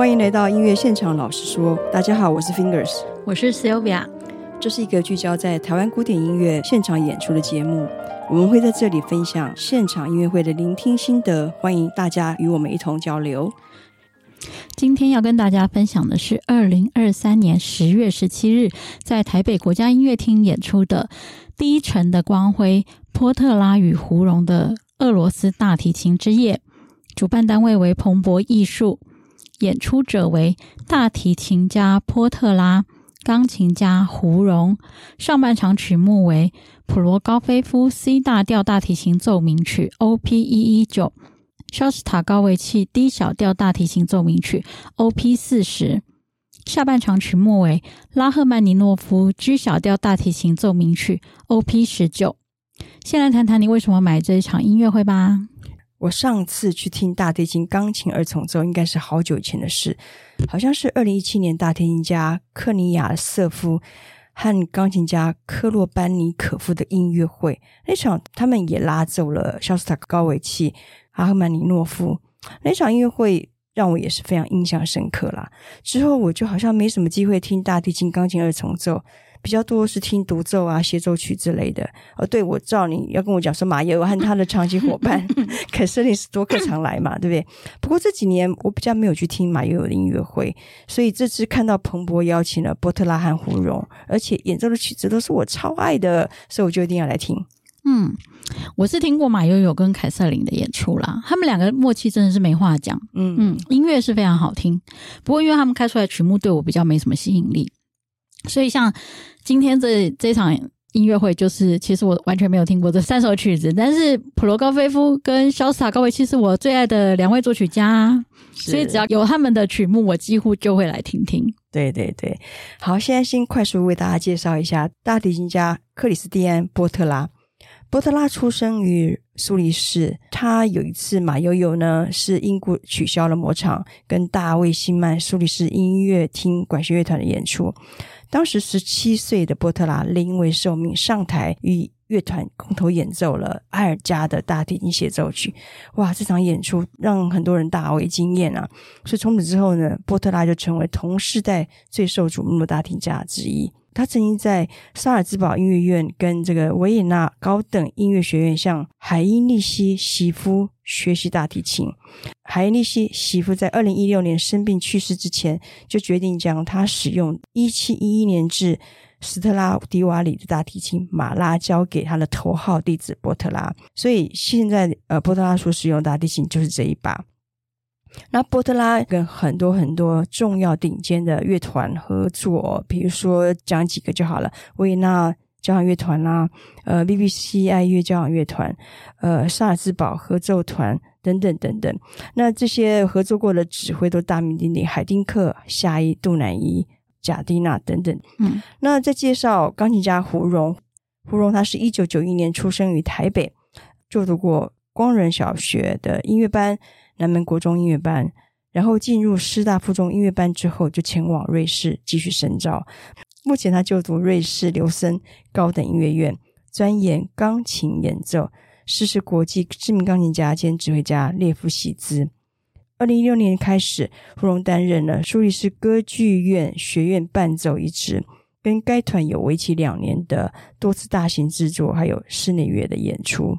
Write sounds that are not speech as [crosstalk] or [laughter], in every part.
歡迎來到音樂現場，老實說，大家好，我是 Fingers，我是 Sylvia，這是一個聚焦在台灣古典音樂現場演出的節目，我們會在這裡分享現場音樂會的聆聽心得，歡迎大家與我們一同交流。今天要跟大家分享的是二零二三年十月十七日，在台北國家音樂廳演出的低沉的光輝，波特拉與胡榮的俄羅斯大提琴之夜，主辦單位為鵬博藝術。演出者為大提琴家波特拉、鋼琴家胡榮，上半場曲目為普羅高菲夫 C 大調大提琴奏鳴曲 O.P. 一一九、蕭士塔高維契 D 小調大提琴奏鳴曲 O.P. 四十。下半場曲目為拉赫曼尼諾夫 G 小調大提琴奏鳴曲 O.P. 十九。先來談談你為什麼買這一場音樂會吧。我上次去聽大提琴鋼琴二重奏，應該是好久以前的事，好像是二零一七年大提琴家克尼亞瑟夫和鋼琴家科洛班尼可夫的音樂會，那場他們也拉奏了蕭士塔高維契、拉赫曼尼諾夫，那場音樂會讓我也是非常印象深刻啦。之後我就好像沒什麼機會聽大提琴鋼琴二重奏。比較多是聽獨奏啊、協奏曲之類的。哦，對，我知道你要跟我講說馬友友和他的長期夥伴凱 [laughs] 瑟琳斯多克常來嘛，對不對？不過這幾年我比較沒有去聽馬友友的音樂會，所以這次看到鵬博邀請了波特拉和胡榮，而且演奏的曲子都是我超愛的，所以我就一定要來聽。嗯，我是聽過馬友友跟凱瑟琳的演出啦，他們兩個默契真的是沒話講。嗯嗯，音樂是非常好聽，不過因為他們開出來的曲目對我比較沒什麼吸引力。所以，像今天這這場音樂會，就是其實我完全沒有聽過這三首曲子，但是普羅高菲夫跟蕭士塔高維契，是我最愛的兩位作曲家，所以只要有他們的曲目，我幾乎就會來聽聽。對對對，好，現在先快速為大家介紹一下大提琴家克里斯蒂安·波特拉。波特拉出生於蘇黎世，他有一次，馬友友呢，是因故取消了某場跟大衛辛曼蘇黎世音樂廳管弦樂團的演出。當時十七歲的波特拉臨危受命上台，與樂團共同演奏了艾爾加的大提琴協奏曲。哇，這場演出讓很多人大為驚艷啊！所以從此之後呢，波特拉就成為同世代最受矚目的大提琴家之一。他曾經在薩爾茨堡音樂院跟這個維也納高等音樂學院向海因利希·席夫學習大提琴。海因利希·席夫在二零一六年生病去世之前，就決定將他使用一七一一年至斯特拉迪瓦里的大提琴瑪拉交給他的頭號弟子波特拉。所以現在，呃，波特拉所使用的大提琴就是這一把。那波特拉跟很多很多重要頂尖的樂團合作，比如說講幾個就好了，維也納交響樂團啦，呃 BBC 愛樂交響樂團，呃薩爾茨堡合奏團等等等等。那這些合作過的指揮都大名鼎鼎，海丁克、夏伊、杜南伊、賈蒂娜等等。嗯，那再介紹鋼琴家胡榮，胡榮他是一九九一年出生於台北，就讀過光仁小學的音樂班。南門國中音樂班，然後進入師大附中音樂班之後，就前往瑞士繼續深造。目前他就讀瑞士琉森高等音樂院，專研鋼琴演奏，師事國際知名鋼琴家兼指揮家列夫·希茲。二零一六年開始，芙蓉擔任了蘇黎世歌劇院學院伴奏一職，跟該團有爲期兩年的多次大型製作，還有室內樂的演出。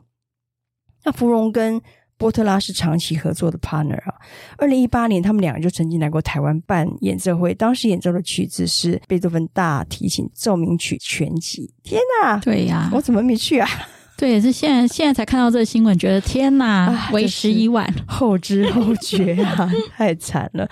那芙蓉跟。波特拉是長期合作的 partner 啊。二零一八年，他們兩個就曾經來過台灣辦演奏會，當時演奏的曲子是貝多芬大提琴奏鳴曲全集。天吶、啊！對呀、啊，我怎麼沒去啊？對，也是現在現在才看到這個新聞，覺得天吶，為時已晚，啊、後知後覺啊， [laughs] 太慘了。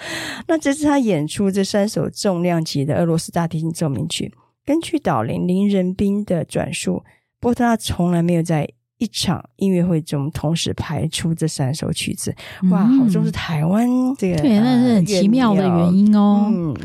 那這次他演出這三首重量級的俄羅斯大提琴奏鳴曲。根據導聆林仁斌的轉述，波特拉從來沒有在。一場音樂會中同時排出這三首曲子，嗯、哇，好像是台灣這個對，那是很奇妙的原因哦、嗯。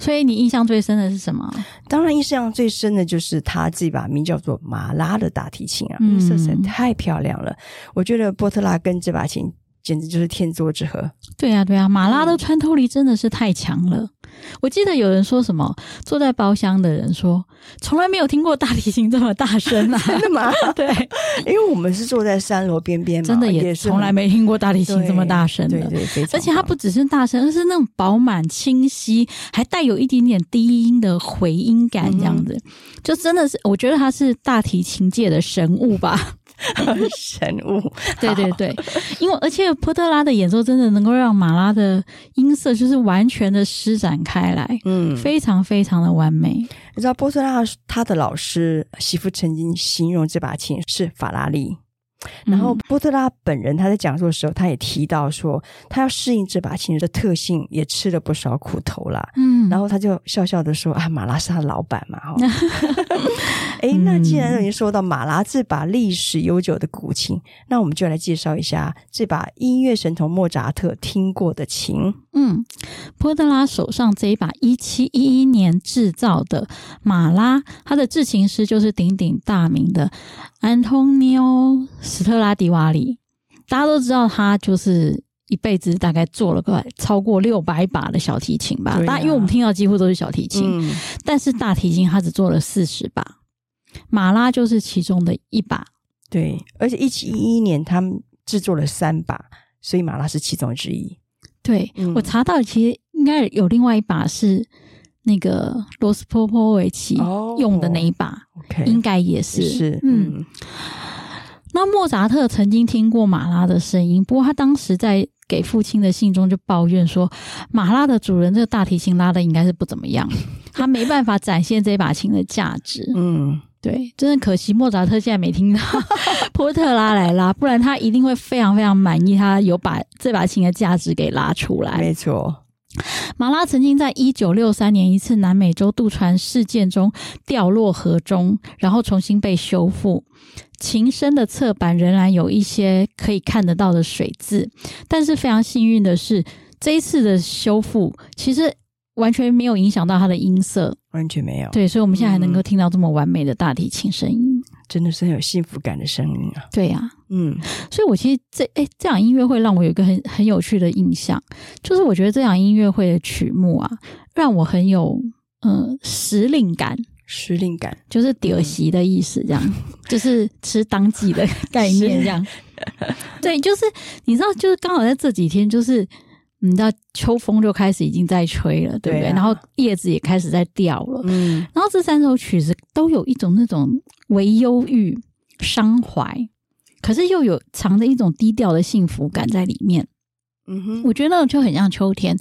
所以你印象最深的是什麼？當然，印象最深的就是他這把名叫做馬拉的大提琴啊，嗯，色彩太漂亮了。我覺得波特拉跟這把琴。簡直就是天作之合。對呀、啊，對呀、啊，馬拉的穿透力真的是太強了、嗯。我記得有人說什麼，坐在包廂的人說，從來沒有聽過大提琴這麼大聲啊！ [laughs] 真的嗎？ [laughs] 對，因為我們是坐在三樓邊邊嘛，真的也是，從來沒聽過大提琴這麼大聲的對。對對對，而且它不只是大聲，而是那種飽滿、清晰，還帶有一點點低音的回音感，這樣子嗯嗯就真的是，我覺得它是大提琴界的神物吧。 [laughs] 神物好， [laughs] 對對對，因為而且波特拉的演奏真的能夠讓馬拉的音色就是完全的施展開來，嗯，非常非常的完美。你知道波特拉他的老師媳婦曾經形容這把琴是法拉利。然後波特拉本人他在講述的時候，他也提到說，他要適應這把琴的特性，也吃了不少苦頭啦。嗯，然後他就笑笑地說：“啊，馬拉是他老板嘛、哦嗯。 [laughs] ”哈、哎，那既然已經說到馬拉這把歷史悠久的古琴，那我們就來介紹一下這把音樂神童莫扎特聽過的琴。嗯，波特拉手上這一把一七一一年制造的馬拉，他的制琴師就是鼎鼎大名的安東尼奧。斯特拉迪瓦里，大家都知道他就是一輩子大概做了個超過六百把的小提琴吧，啊、大因為我們聽到幾乎都是小提琴，嗯、但是大提琴他只做了四十把，瑪拉就是其中的一把，對，而且一七一一年他們制作了三把，所以瑪拉是其中之一。對、嗯、我查到其實應該有另外一把是那個羅斯托波維奇用的那一把，哦、okay, 應該也是，是嗯。嗯。那莫札特曾經聽過瑪拉的聲音，不過他當時在給父親的信中就抱怨說，瑪拉的主人這個大提琴拉的應該是不怎麼樣， [laughs] 他沒辦法展現這把琴的價值。嗯，對，真的可惜莫札特現在沒聽到 [laughs] 波特拉來拉，不然他一定會非常非常滿意，他有把這把琴的價值給拉出來。沒錯。瑪拉曾經在一九六三年一次南美洲渡船事件中掉落河中，然後重新被修復。琴身，的側板仍然有一些可以看得到的水漬，但是非常幸運的是，這一次的修復其實完全沒有影響到它的音色，完全沒有。對，所以我們現在還能夠聽到這麼完美的大提琴聲音，嗯、真的是很有幸福感的聲音啊！對呀、啊。嗯，所以，我其實這哎、欸，這場音樂會讓我有一個很很有趣的印象，就是我覺得這場音樂會的曲目啊，讓我很有嗯、呃、時令感。時令感就是“點席”的意思，這樣、嗯、就是吃當季的 [laughs] 概念，這樣。 [laughs] 是 [laughs] 對，就是你知道，就是剛好在這幾天，就是你知道秋風就開始已經在吹了，對不對？對啊、然後葉子也開始在掉了，嗯。然後這三首曲子都有一種那種微憂鬱、傷懷。可是又有藏着一種低調的幸福感在裡面，嗯哼，我覺得那種就很像秋天，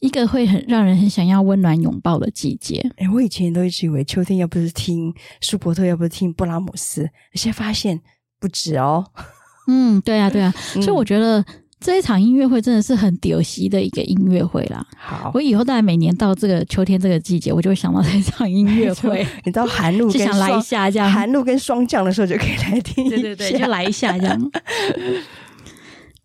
一個會很讓人很想要溫暖擁抱的季節。欸，我以前都一直以為秋天要不是聽舒伯特，要不是聽布拉姆斯，現在發現不止哦。嗯，對呀、啊，對呀、啊，所以我覺得。嗯這一場音樂會真的是很屌絲的一個音樂會啦。好，我以後大概每年到這個秋天這個季節，我就會想到這一場音樂會。你知道寒露 [laughs] 就想來一下這樣。寒露跟霜降的時候就可以來聽。對對對，就來一下這樣。 [laughs]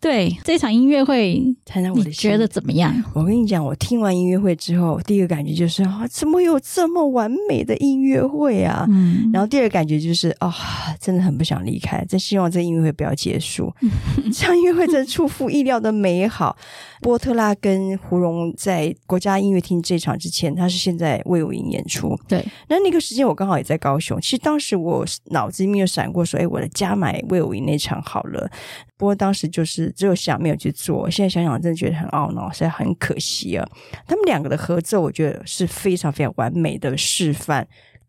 對這場音樂會，才能我你覺得怎麼樣？我跟你講，我聽完音樂會之後，第一個感覺就是啊，怎麼有這麼完美的音樂會啊？嗯，然後第二個感覺就是啊、哦，真的很不想離開，真希望這音樂會不要結束。嗯、這場音樂會真出乎意料的美好、嗯。波特拉跟胡榮在國家音樂廳這場之前，他是現在衛武營演出。對，那那個時間我剛好也在高雄。其實當時我腦子裡面有閃過說，哎，我的加買衛武營那場好了。不過當時就是只有想沒有去做，現在想想真的覺得很懊惱，現在很可惜啊。他們兩個的合奏，我覺得是非常非常完美的示範，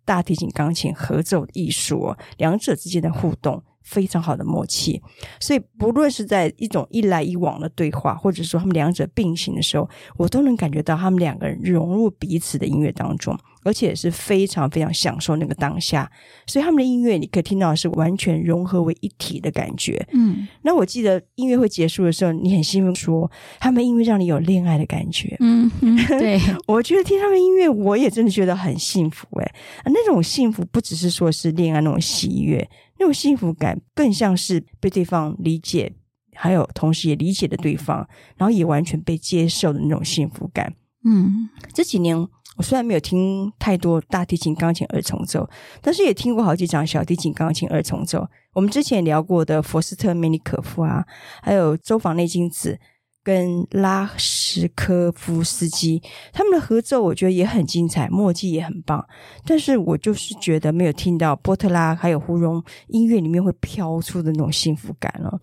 大提琴鋼琴合奏的藝術，兩者之間的互動非常好的默契。所以不論是在一種一來一往的對話，或者說他們兩者並行的時候，我都能感覺到他們兩個人融入彼此的音樂當中。而且是非常非常享受那個當下，所以他們的音樂你可以聽到是完全融合為一體的感覺。嗯，那我記得音樂會結束的時候，你很興奮說他們音樂讓你有戀愛的感覺。嗯，嗯對， [laughs] 我覺得聽他們音樂，我也真的覺得很幸福、欸。哎、啊，那種幸福不只是說是戀愛那種喜悅，那種幸福感更像是被對方理解，還有同時也理解的對方，然後也完全被接受的那種幸福感。嗯，這幾年。我雖然沒有聽太多大提琴鋼琴二重奏，但是也聽過好幾場小提琴鋼琴二重奏。我們之前聊過的佛斯特、梅尼可夫啊，還有周防內金子跟拉什科夫斯基他們的合奏，我覺得也很精彩，默契也很棒。但是我就是覺得沒有聽到波特拉還有胡榮音樂裡面會飄出的那種幸福感了哦。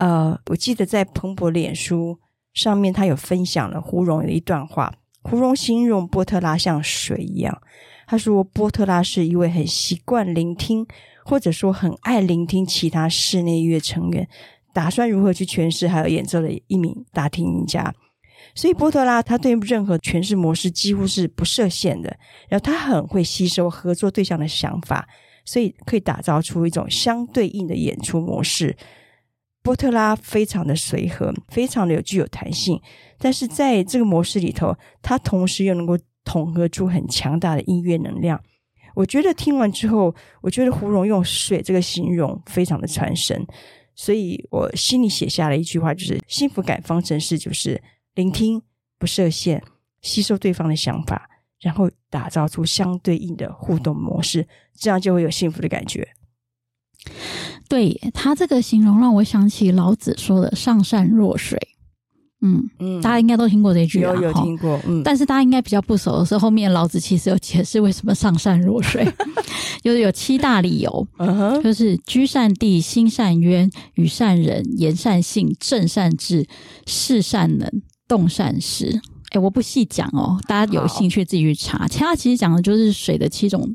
呃，我記得在鵬博臉書上面，他有分享了胡榮的一段話。胡榮形容波特拉像水一樣，他說波特拉是一位很習慣聆聽，或者說很愛聆聽其他室內樂成員，打算如何去詮釋還有演奏的一名大提琴家。所以波特拉他對任何詮釋模式幾乎是不設限的，然後他很會吸收合作對象的想法，所以可以打造出一種相對應的演出模式。波特拉非常的隨和，非常的有具有彈性，但是在這個模式裡頭，他同時又能夠統合出很強大的音樂能量。我覺得聽完之後，我覺得胡榮用水這個形容非常的傳神，所以我心裡寫下了一句話，就是幸福感方程式，就是聆聽不設限，吸收對方的想法，然後打造出相對應的互動模式，這樣就會有幸福的感覺。對，他這個形容讓我想起老子說的“上善若水”。嗯。嗯嗯，大家應該都聽過這句話，有，有聽過。嗯，但是大家應該比較不熟的是後面老子其實有解釋為什麼“上善若水”，就 [laughs] 是 [laughs] 有，有七大理由，uh -huh. 就是居善地、心善淵、與善人、言善信、正善治、事善能、動善時。哎，我不細講哦，大家有興趣自己去查。其他其實講的就是水的七種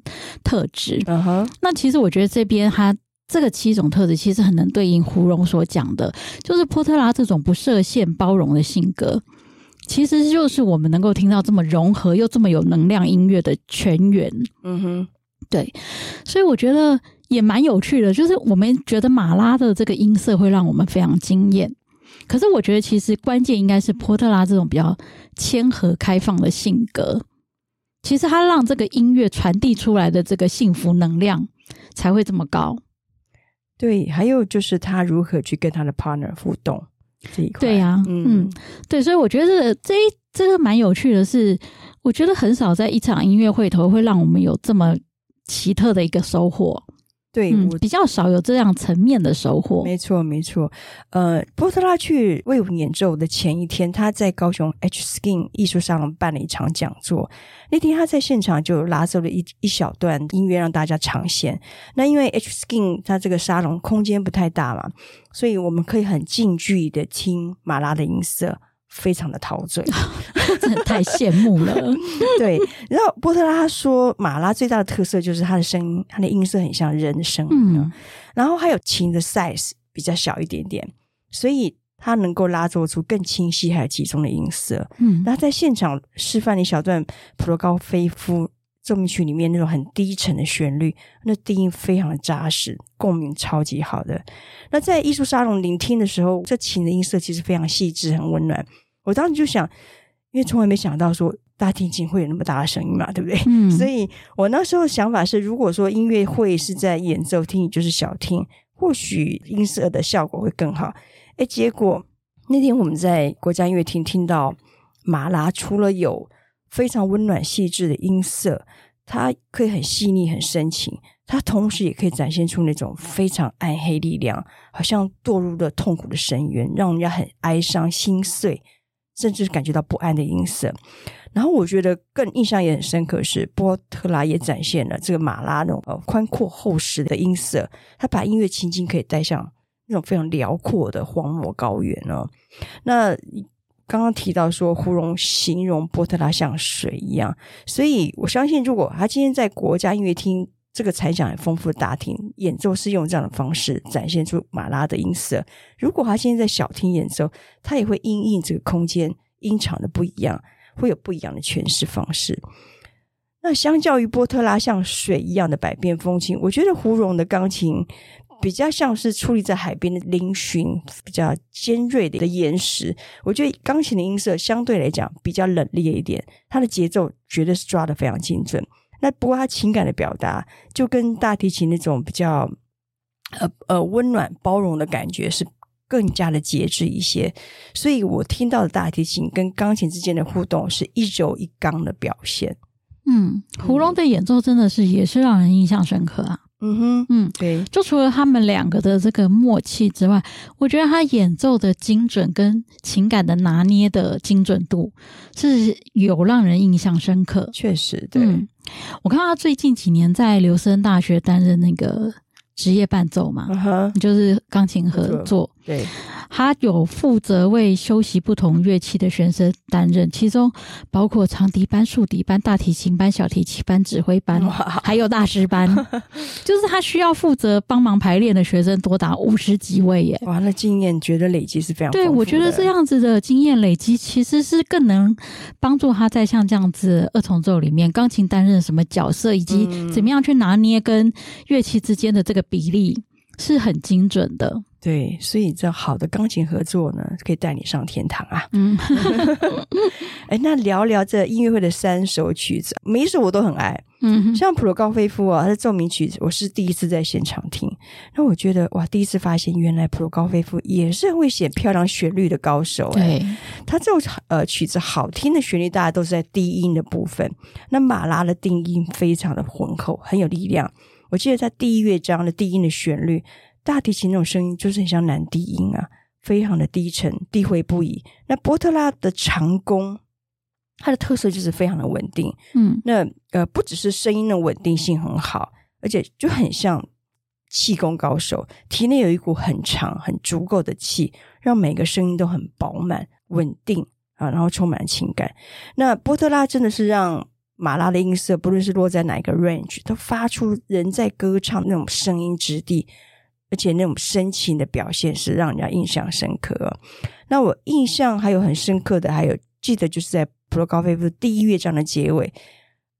特質。嗯、uh -huh. 那其實我覺得這邊他。這個七種特質其實很能對應胡榮所講的，就是波特拉這種不設限、包容的性格，其實就是我們能夠聽到這麼融合又這麼有能量音樂的泉源。嗯哼，對，所以我覺得也蠻有趣的，就是我們覺得馬拉的這個音色會讓我們非常驚豔，可是我覺得其實關鍵應該是波特拉這種比較謙和、開放的性格，其實他讓這個音樂傳遞出來的這個幸福能量才會這麼高。對，還有就是他如何去跟他的 partner 互動這一塊。對呀、啊嗯，嗯，對，所以我覺得這這一這個蠻有趣的是，是我覺得很少在一場音樂會頭會讓我們有這麼奇特的一個收穫。對我、嗯、比較少有這樣層面的收穫。沒錯，沒錯。呃，波特拉去衛武演奏的前一天，他在高雄 H Skin 藝術沙龍辦了一場講座。那天他在現場就拉奏了一一小段音樂讓大家嘗鮮。那因為 H Skin 它這個沙龍空間不太大嘛，所以我們可以很近距離的聽馬拉的音色。非常的陶醉，真 [laughs] 的太羨慕了。 [laughs] 對，然後波特拉他說，馬拉最大的特色就是他的聲音，他的音色很像人聲。嗯，然後還有琴的 size 比較小一點點，所以他能夠拉奏出更清晰還有集中的音色。嗯，那在現場示範了一小段普羅高菲夫奏鳴曲裡面那種很低沉的旋律，那低音非常的紮實，共鳴超級好的。那在藝術沙龍聆聽的時候，這琴的音色其實非常細緻，很溫暖。我當時就想，因為從來沒想到說大提琴會有那麼大的聲音嘛，對不對？嗯。所以我那時候的想法是，如果說音樂會是在演奏廳，也就是小廳，或許音色的效果會更好。哎，結果那天我們在國家音樂廳聽到《瑪拉除了有》，非常溫暖細緻的音色，它可以很細膩、很深情；它同時也可以展現出那種非常暗黑力量，好像墮入了痛苦的深淵，讓人家很哀傷、心碎，甚至是感覺到不安的音色。然後，我覺得更印象也很深刻是波特拉也展現了這個瑪拉那種寬闊厚實的音色，他把音樂情境可以帶向那種非常遼闊的荒漠高原哦。那。剛剛提到說，胡榮形容波特拉像水一樣，所以我相信，如果他今天在國家音樂廳這個殘響很豐富的大廳演奏，是用這樣的方式展現出馬拉的音色；如果他今天在小廳演奏，他也會因應這個空間音場的不一樣，會有不一樣的詮釋方式。那相較於波特拉像水一樣的百變風情，我覺得胡榮的鋼琴。比較像是矗立在海邊的嶙峋，比較尖銳的一個岩石。我覺得鋼琴的音色相對來講比較冷冽一點，它的節奏絕對是抓的非常精準。那不過它情感的表達，就跟大提琴那種比較，呃呃溫暖包容的感覺是更加的節制一些。所以我聽到的大提琴跟鋼琴之間的互動，是一柔一剛的表現。嗯，胡榮的演奏真的是也是讓人印象深刻啊。嗯哼，嗯，對、okay.，就除了他們兩個的這個默契之外，我覺得他演奏的精準跟情感的拿捏的精準度是有讓人印象深刻。確實，對，嗯、我看到他最近幾年在琉森大學擔任那個職業伴奏嘛，uh -huh. 就是鋼琴合作。對，他有負責為修習不同樂器的學生擔任，其中包括長笛班、豎笛班、大提琴班、小提琴班、指揮班，還有大師班。 [laughs] 就是他需要負責幫忙排練的學生多達五十幾位耶。哇，那經驗絕對累積是非常的。對，我覺得這樣子的經驗累積其實是更能幫助他在像這樣子二重奏裡面，鋼琴擔任什麼角色，以及怎麼樣去拿捏跟樂器之間的這個比例，嗯、是很精準的。對，所以這好的鋼琴合作呢，可以帶你上天堂啊！嗯、 [laughs] 哎，那聊聊這音樂會的三首曲子，每一首我都很愛。嗯哼，像普羅高菲夫啊、哦，他的奏鳴曲子，我是第一次在現場聽，那我覺得哇，第一次發現原來普羅高菲夫也是會寫漂亮旋律的高手、哎、對他這首呃曲子好聽的旋律，大家都是在低音的部分。那馬拉的定音非常的渾厚，很有力量。我記得他第一樂章的低音的旋律。大提琴那種聲音就是很像男低音啊，非常的低沉、低回不已。那波特拉的長弓，它的特色就是非常的穩定。嗯，那呃，不只是聲音的穩定性很好，而且就很像氣功高手，體內有一股很長、很足夠的氣，讓每個聲音都很飽滿、穩定啊，然後充滿情感。那波特拉真的是讓馬拉的音色，不論是落在哪一個 range，都發出人在歌唱那種聲音質地。而且那種深情的表現是讓人家印象深刻哦。那我印象還有很深刻的，還有記得就是在普羅高菲夫的第一樂章的結尾，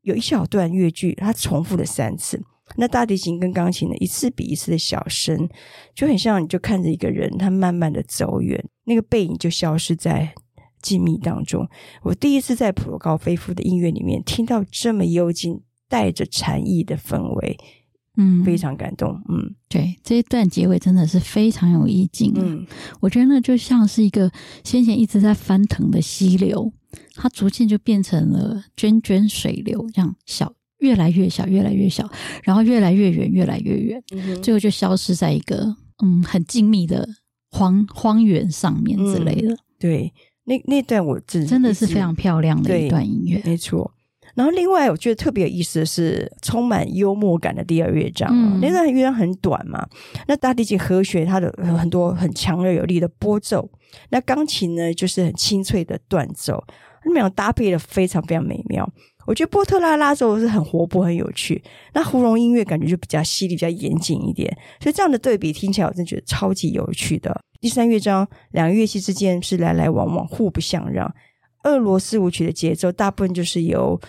有一小段樂句，它重複了三次。那大提琴跟鋼琴的一次比一次的小聲，就很像你就看着一個人，他慢慢的走遠，那個背影就消失在靜謐當中。我第一次在普羅高菲夫的音樂裡面聽到這麼幽靜、帶着禪意的氛圍。嗯，非常感動。嗯，對，這一段結尾真的是非常有意境啊。嗯，我覺得那就像是一個先前一直在翻騰的溪流，它逐漸就變成了涓涓水流，這樣小，越來越小，越來越小，然後越來越遠，越來越遠。嗯，最後就消失在一個嗯很靜謐的荒荒原上面之類的。嗯，對，那那段我真真的是非常漂亮的一段音樂，沒錯。然後另外我覺得特別有意思的是充滿幽默感的第二樂章，那段樂章很短嘛。那大提琴和弦它的很多很強而有力的撥奏，那鋼琴呢就是很清脆的斷奏，它們兩搭配的非常非常美妙。我覺得波特拉拉奏是很活潑很有趣，那胡榮音樂感覺就比較犀利比較嚴謹一點。所以這樣的對比聽起來，我真覺得超級有趣的。第三樂章兩個樂器之間是來來往往，互不相讓。俄羅斯舞曲的節奏大部分就是由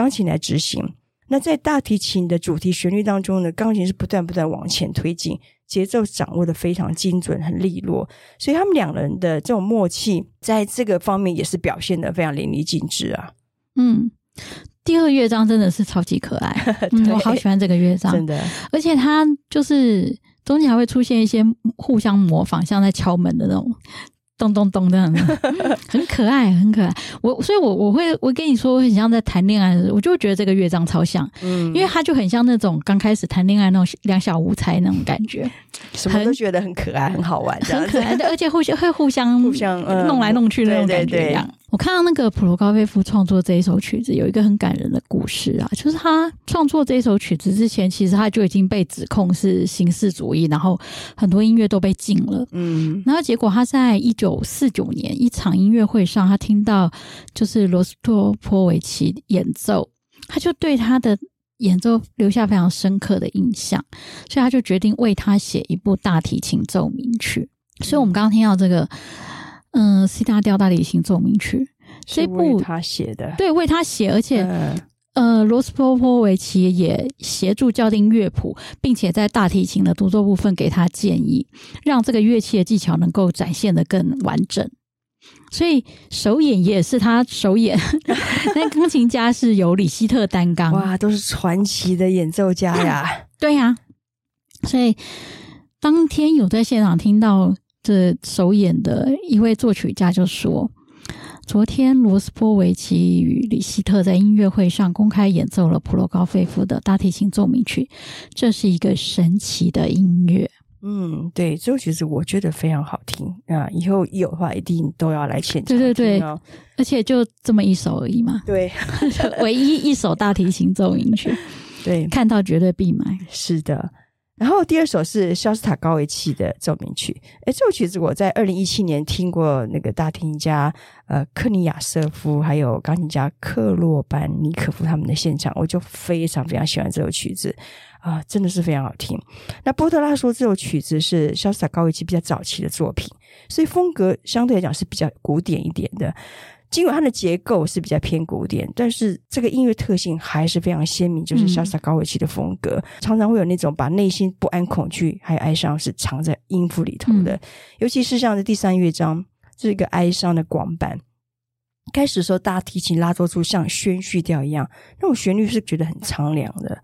鋼琴來執行，那在大提琴的主題旋律當中呢，鋼琴是不斷不斷往前推進，節奏掌握得非常精準，很利落，所以他們兩人的這種默契，在這個方面也是表現得非常淋漓盡致啊。嗯，第二樂章真的是超級可愛， [laughs] 嗯、我好喜歡這個樂章，真的，而且它就是中間還會出現一些互相模仿，像在敲門的那種。咚咚咚的，很可愛，很可愛。我所以我，我我會，我跟你說，我很像在談戀愛，的時候，我就覺得這個樂章超像，嗯、因為他就很像那種剛開始談戀愛那種兩小無猜那種感覺很，什麼都覺得很可愛，很好玩、嗯，很可愛的，而且互相會互相互相、嗯、弄來弄去的那種感覺一樣。我看到那個普羅高菲夫創作這一首曲子，有一個很感人的故事啊，就是他創作這一首曲子之前，其實他就已經被指控是形式主義，然後很多音樂都被禁了。嗯，然後結果他在一九四九年一場音樂會上，他聽到就是羅斯托波維奇演奏，他就對他的演奏留下非常深刻的印象，所以他就決定為他寫一部大提琴奏鳴曲。嗯。所以我們剛剛聽到這個。嗯、呃，《C 大調大提琴奏鳴曲》為這部，為他寫的，對，為他寫，而且呃，羅、呃、斯波波維奇也協助校訂樂譜，並且在大提琴的獨奏部分給他建議，讓這個樂器的技巧能夠展現的更完整。所以首演也是他首演，但 [laughs] 鋼 [laughs] 琴家是由李希特擔綱。哇，都是傳奇的演奏家呀！嗯、對呀、啊，所以當天有在現場聽到。這首演的一位作曲家就說：“昨天羅斯波維奇與李希特在音樂會上公開演奏了普羅高菲夫的大提琴奏鳴曲，這是一個神奇的音樂。”嗯，對，這個其實我覺得非常好聽啊！以後一有的話一定都要來現場哦。對對對，而且就這麼一首而已嘛，對， [laughs] 唯一一首大提琴奏鳴曲。 [laughs] 對，看到絕對必買。是的。然後第二首是肖斯塔高維奇的奏鳴曲，誒這首曲子我在二零一七年聽過那個大提琴家呃克尼亞舍夫，還有鋼琴家克洛班尼可夫，他們的現場，我就非常非常喜歡這首曲子啊、呃，真的是非常好聽。那波特拉說這首曲子是肖斯塔高維奇比較早期的作品，所以風格相對來講是比較古典一點的。儘管它的結構是比較偏古典，但是這個音樂特性還是非常鮮明，嗯、就是蕭士塔高維契的風格。常常會有那種把內心不安、恐懼還有哀傷是藏在音符裡頭的。嗯、尤其是像這第三樂章，就是一個哀傷的廣板。開始的時候大提琴拉奏出像宣敘調一樣，那種旋律是覺得很蒼涼的，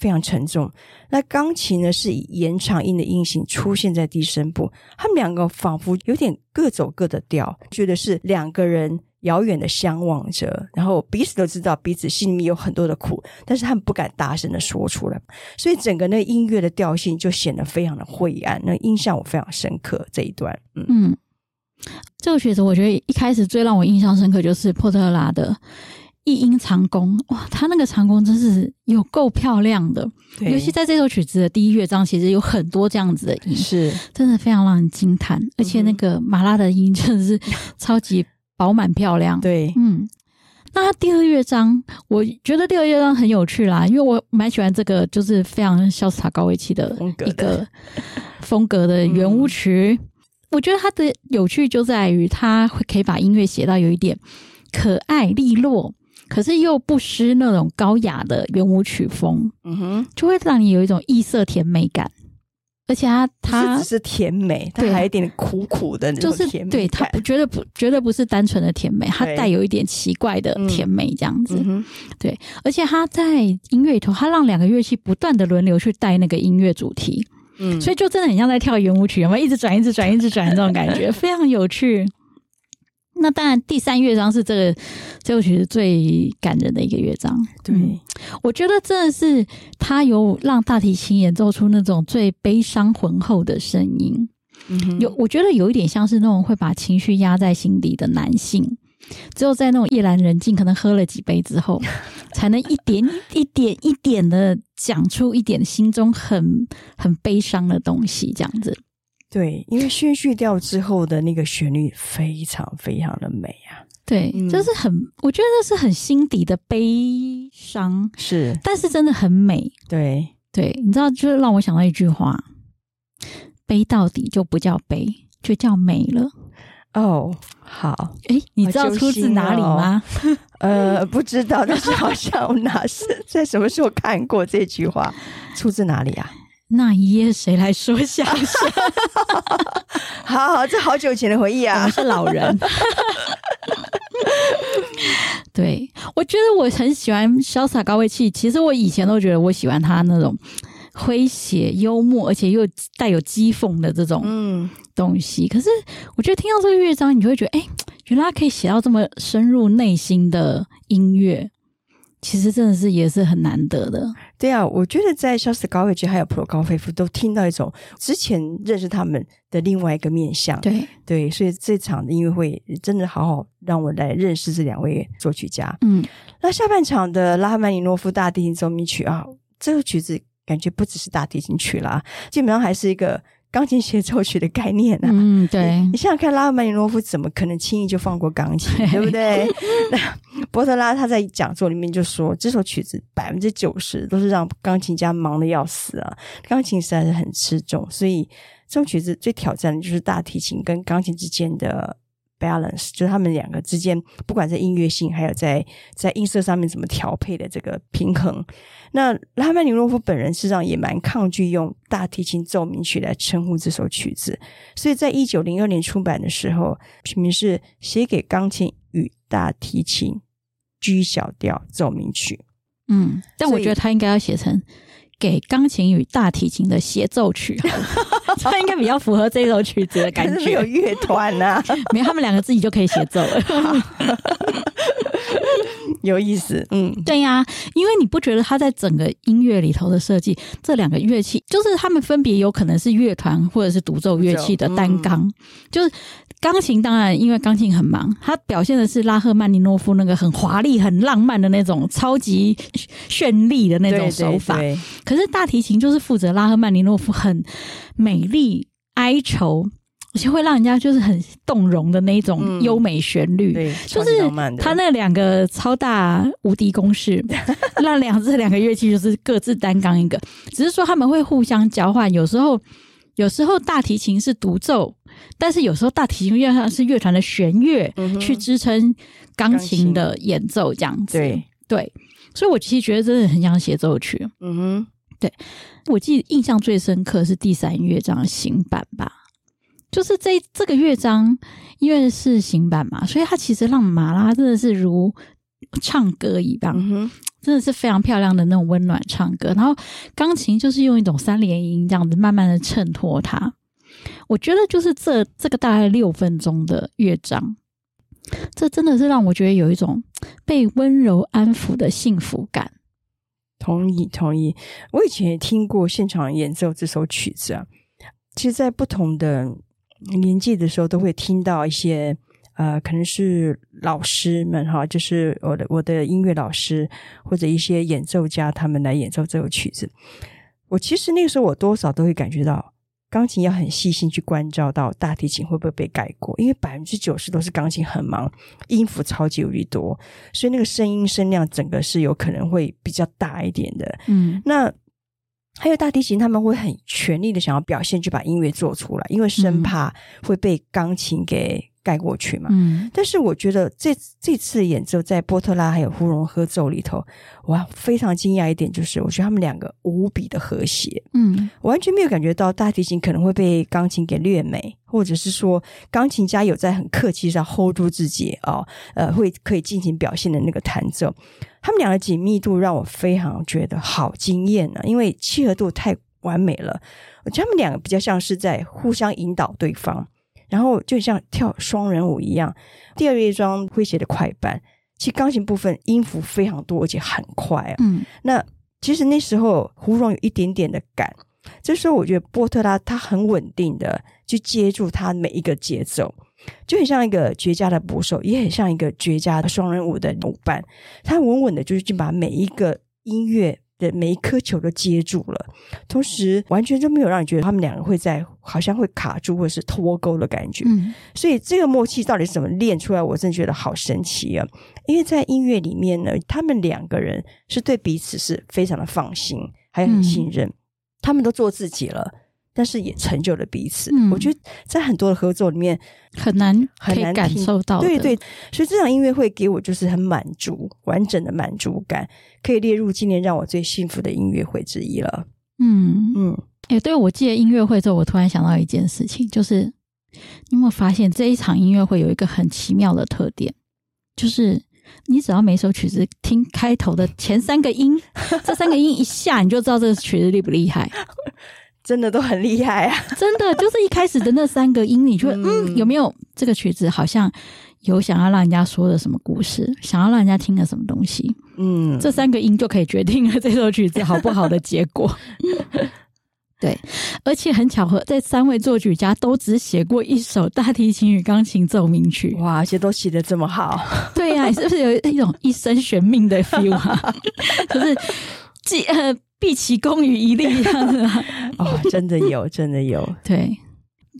非常沉重。那鋼琴呢是以延長音的音型出現在低聲部，他們兩個仿佛有點各走各的調，覺得是兩個人。遙遠的相望着，然後彼此都知道彼此心裡面有很多的苦，但是他們不敢大聲的說出來，所以整個那音樂的調性就顯得非常的晦暗。那印象我非常深刻這一段。嗯，嗯這首曲子我覺得一開始最讓我印象深刻就是波特拉的《一音長弓》。哇，他那個長弓真是有夠漂亮的，尤其在這首曲子的第一樂章，其實有很多這樣子的音，是真的非常讓人驚嘆。而且那個瑪拉的音真的是超級。飽滿漂亮，對，嗯，那他第二樂章，我覺得第二樂章很有趣啦，因為我蠻喜歡這個，就是非常蕭士塔高維契的一個風格的圓舞曲、 [laughs] 嗯。我覺得它的有趣就在於，它可以把音樂寫到有一點可愛、利落，可是又不失那種高雅的圓舞曲風，嗯哼，就會讓你有一種異色甜美感。而且、啊、他，他只是甜美，他還有一點苦苦的那種甜美，就是甜，對，他不覺得，不覺得，不是單純的甜美，他帶有一點奇怪的甜美這樣子。嗯嗯、對，而且他在音樂裡頭，他讓兩個樂器不斷的輪流去帶那個音樂主題。嗯，所以就真的很像在跳圓舞曲，有沒有一直轉一直轉一直轉， [laughs] 一直轉的這種感覺，非常有趣。那當然，第三樂章是這個，這個其實最感人的一個樂章。對，我覺得真的是他有讓大提琴演奏出那種最悲傷渾厚的聲音。嗯哼，有我覺得有一點像是那種會把情緒壓在心底的男性，只有在那種夜闌人靜，可能喝了幾杯之後，才能一點一點一點的講出一點心中很很悲傷的東西，這樣子。對，因為宣敘調之後的那個旋律非常非常的美啊！對，就、嗯、是很，我覺得這是很心底的悲傷，是，但是真的很美。對，對，你知道，就是讓我想到一句話：悲到底就不叫悲，就叫美了。哦，好，哎，你知道出自哪裡嗎？哦、 [laughs] 呃，不知道，但是好像我哪 [laughs] 是在什麼時候看過這句話，出自哪裡啊？那一夜，誰來說相聲？ [laughs] [laughs] 好好，這好久以前的回憶啊，我是老人。 [laughs] 對，我覺得我很喜歡蕭士塔高維契。其實我以前都覺得我喜歡他那種詼諧、血幽默，而且又帶有譏諷的這種嗯東西。嗯、可是我覺得聽到這個樂章，你就會覺得，哎、欸，原來他可以寫到這麼深入內心的音樂。其實真的是也是很難得的，對啊，我覺得在蕭士塔高維契還有普羅高菲夫都聽到一種之前認識他們的另外一個面向，對對，所以這場的音樂會真的好好讓我來認識這兩位作曲家，嗯，那下半場的拉赫曼尼諾夫大提琴奏鳴曲啊，這個曲子感覺不只是大提琴曲啦，基本上還是一個。鋼琴協奏曲的概念呢，啊？嗯，對你想想看，拉赫曼尼諾夫怎麼可能輕易就放過鋼琴，對不對？ [laughs] 那波特拉他在講座裡面就說，這首曲子百分之九十都是讓鋼琴家忙得要死啊，鋼琴實在是很吃重，所以這種曲子最挑戰的就是大提琴跟鋼琴之間的。balance 就是他們兩個之間，不管在音樂性，還有在在音色上面怎麼調配的這個平衡。那拉曼尼諾夫本人實際上也蠻抗拒用大提琴奏鳴曲來稱呼這首曲子，所以在一九零二年出版的時候，題目是寫給鋼琴與大提琴 G 小調奏鳴曲。嗯，但我覺得他應該要寫成。給鋼琴與大提琴的協奏曲，它應該比較符合這一首曲子的感覺。有樂團呢？沒有，他們兩個自己就可以協奏了。有意思，嗯，對呀、啊，因為你不覺得他在整個音樂裡頭的設計，這兩個樂器就是他們分別有可能是樂團或者是獨奏樂器的擔綱，就是。鋼琴當然，因為鋼琴很忙，它表現的是拉赫曼尼諾夫那個很華麗、很浪漫的那種超級絢麗的那種手法，對對對。可是大提琴就是負責拉赫曼尼諾夫很美麗哀愁，而且會讓人家就是很動容的那種優美旋律、嗯，對。對，就是他那兩個超大無敵公式，讓兩隻兩個樂器就是各自擔綱一個，只是說他們會互相交換。有時候，有時候大提琴是獨奏。但是有時候大提琴更像是樂團的弦樂、嗯、去支撐鋼琴的演奏，這樣子。對，對。所以我其實覺得真的很像協奏曲。嗯哼。對，我記得印象最深刻是第三樂章行板吧，就是這這個樂章因為是行板嘛，所以它其實讓瑪拉真的是如唱歌一般、嗯，真的是非常漂亮的那種溫暖唱歌。然後鋼琴就是用一種三連音這樣子慢慢的襯托它。我覺得就是這這個大概六分鐘的樂章，這真的是讓我覺得有一種被溫柔安撫的幸福感。同意同意，我以前也聽過現場演奏這首曲子啊，其實，在不同的年紀的時候，都會聽到一些呃，可能是老師們哈，就是我的我的音樂老師或者一些演奏家他們來演奏這首曲子。我其實那個時候我多少都會感覺到。鋼琴要很細心去關照到大提琴會不會被蓋過，因為百分之九十，都是鋼琴很忙，音符超級無敵多，所以那個聲音聲量整個是有可能會比較大一點的。嗯，那還有大提琴他們會很全力的想要表現，去把音樂做出來，因為生怕會被鋼琴給。蓋過去嘛，嗯，但是我覺得這這次演奏在波特拉還有胡榮合奏裡頭，我非常驚訝一點就是，我覺得他們兩個無比的和諧，嗯，我完全沒有感覺到大提琴可能會被鋼琴給略美，或者是說鋼琴家有在很客氣上 hold 住自己哦，呃，會可以盡情表現的那個彈奏，他們兩個緊密度讓我非常覺得好驚艷呢，因為契合度太完美了，我覺得他們兩個比較像是在互相引導對方。然後就很像跳雙人舞一樣，第二樂章詼諧的快板，其實鋼琴部分音符非常多，而且很快啊。嗯，那其實那時候胡榮有一點點的趕，這時候我覺得波特拉他很穩定的去接住他每一個節奏，就很像一個絕佳的捕手，也很像一個絕佳的雙人舞的舞伴。他穩穩的，就是去把每一個音樂。的每一顆球都接住了，同時完全就沒有讓你覺得他們兩個會在好像會卡住或者是脫鈎的感覺。嗯、所以這個默契到底是怎麼練出來？我真的覺得好神奇啊！因為在音樂裡面呢，他們兩個人是對彼此是非常的放心，還很信任，嗯、他們都做自己了，但是也成就了彼此。嗯。我覺得在很多的合作裡面很難可以很難感受到。對，對對，所以這場音樂會給我就是很滿足，完整的滿足感，可以列入今年讓我最幸福的音樂會之一了。嗯嗯，哎、欸，對，我記得音樂會之後，我突然想到一件事情，就是你有沒有發現這一場音樂會有一個很奇妙的特點，就是你只要每首曲子聽開頭的前三個音， [laughs] 這三個音一下你就知道這個曲子厲不厲害。 [laughs] 真的都很厲害啊！ [laughs] 真的就是一開始的那三個音，你就嗯，嗯，有沒有這個曲子好像有想要讓人家說的什麼故事，想要讓人家聽的什麼東西？嗯，這三個音就可以決定了這首曲子好不好的結果。嗯、 [laughs] 對，而且很巧合，這三位作曲家都只寫過一首大提琴與鋼琴奏鳴曲。哇，而且都寫的這麼好。 [laughs] 對呀、啊，你是不是有一種一生懸命的 feel 啊？可、 [laughs] [laughs] 就是呃。畢其功於一役，啊，樣 [laughs] 哦，真的有，真的有。 [laughs] 對，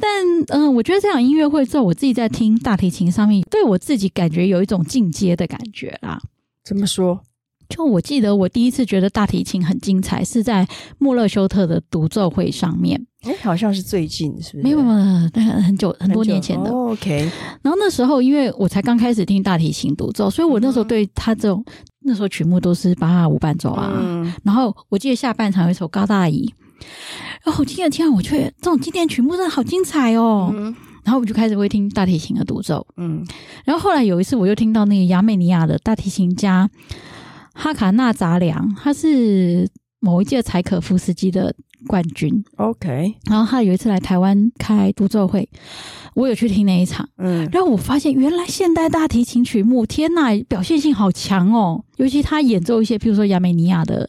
但嗯、呃，我覺得這場音樂會之後，我自己在聽大提琴上面，對我自己感覺有一種進階的感覺啦。怎麼說？就我記得，我第一次覺得大提琴很精彩，是在穆勒修特的獨奏會上面。哎，好像是最近，是不是？沒有沒有，沒有，很久，很、久很多年前的。哦。OK。然後那時候，因為我才剛開始聽大提琴獨奏，所以我那時候對他這種。嗯那時候曲目都是芭蕾舞伴奏啊、嗯，然後我記得下半場有一首《高大宜》哦，哦天啊天啊，我覺得這種經典曲目真的好精彩哦、嗯。然後我就開始會聽大提琴的獨奏，嗯，然後後來有一次我又聽到那個亞美尼亞的大提琴家哈卡納札良，他是某一屆柴可夫斯基的冠軍，OK、嗯。然後他有一次來台灣開獨奏會，我有去聽那一場，嗯，然後我發現原來現代大提琴曲目，天哪，表現性好強哦。尤其他演奏一些，譬如說亞美尼亞的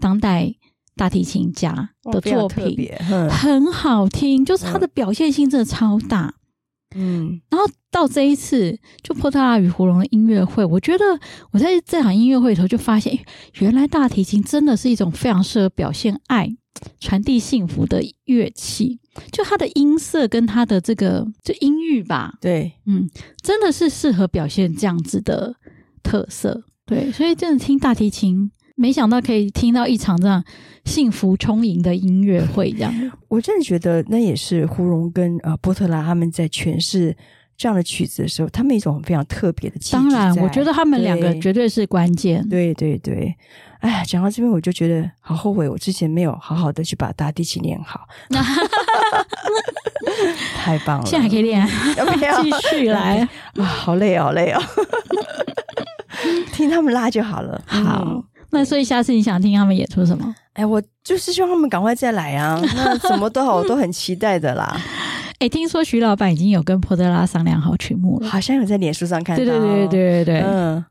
當代大提琴家的作品，特別很好聽，就是他的表現性真的超大。嗯，然後到這一次就波特拉與胡榮的音樂會，我覺得我在這場音樂會裡頭就發現，原來大提琴真的是一種非常適合表現愛、傳遞幸福的樂器。就它的音色跟它的這個就音域吧，對，嗯，真的是適合表現這樣子的特色。對，所以真的聽大提琴，沒想到可以聽到一場這樣幸福充盈的音樂會，這樣。我真的覺得那也是胡榮跟、呃、波特拉他們在詮釋這樣的曲子的時候，他們一種非常特別的氣質。當然，我覺得他們兩個絕對是關鍵。對對，對對，哎，呀，講到這邊我就覺得好後悔，我之前沒有好好的去把大提琴練好。 [laughs] [laughs] 太棒了，現在還可以練， [laughs] 繼續來 [laughs] 啊！好累、哦，好累啊、哦。 [laughs] [laughs] 聽他們拉就好了。好、嗯，那所以下次你想聽他們演出什麼？哎，我就是希望他們趕快再來啊！那什麼都好，我 [laughs] 都很期待的啦。 [laughs] 哎，聽說徐老闆已經有跟波特拉商量好曲目了，好像有在臉書上看到。哦。對對對對對對，嗯，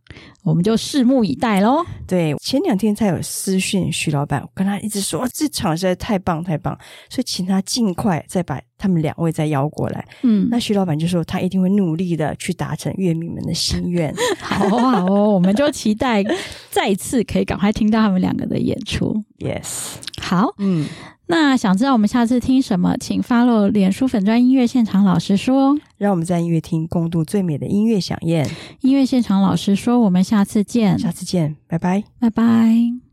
我們就拭目以待嘍。對，前兩天才有私訊，徐老闆我跟他一直說，這場實在太棒太棒，所以請他盡快再把他們兩位再邀過來。嗯，那徐老闆就說他一定會努力的去達成樂迷們的心願。好 [laughs] 好哦，好哦 [laughs] 我們就期待再次可以趕快聽到他們兩個的演出。Yes，好，嗯。那想知道我們下次聽什麼，請發 w 臉書粉專音樂現場老師說，讓我們在音樂廳共度最美的音樂響宴。音樂現場老師說，我們下次見，下次見，拜拜，拜拜。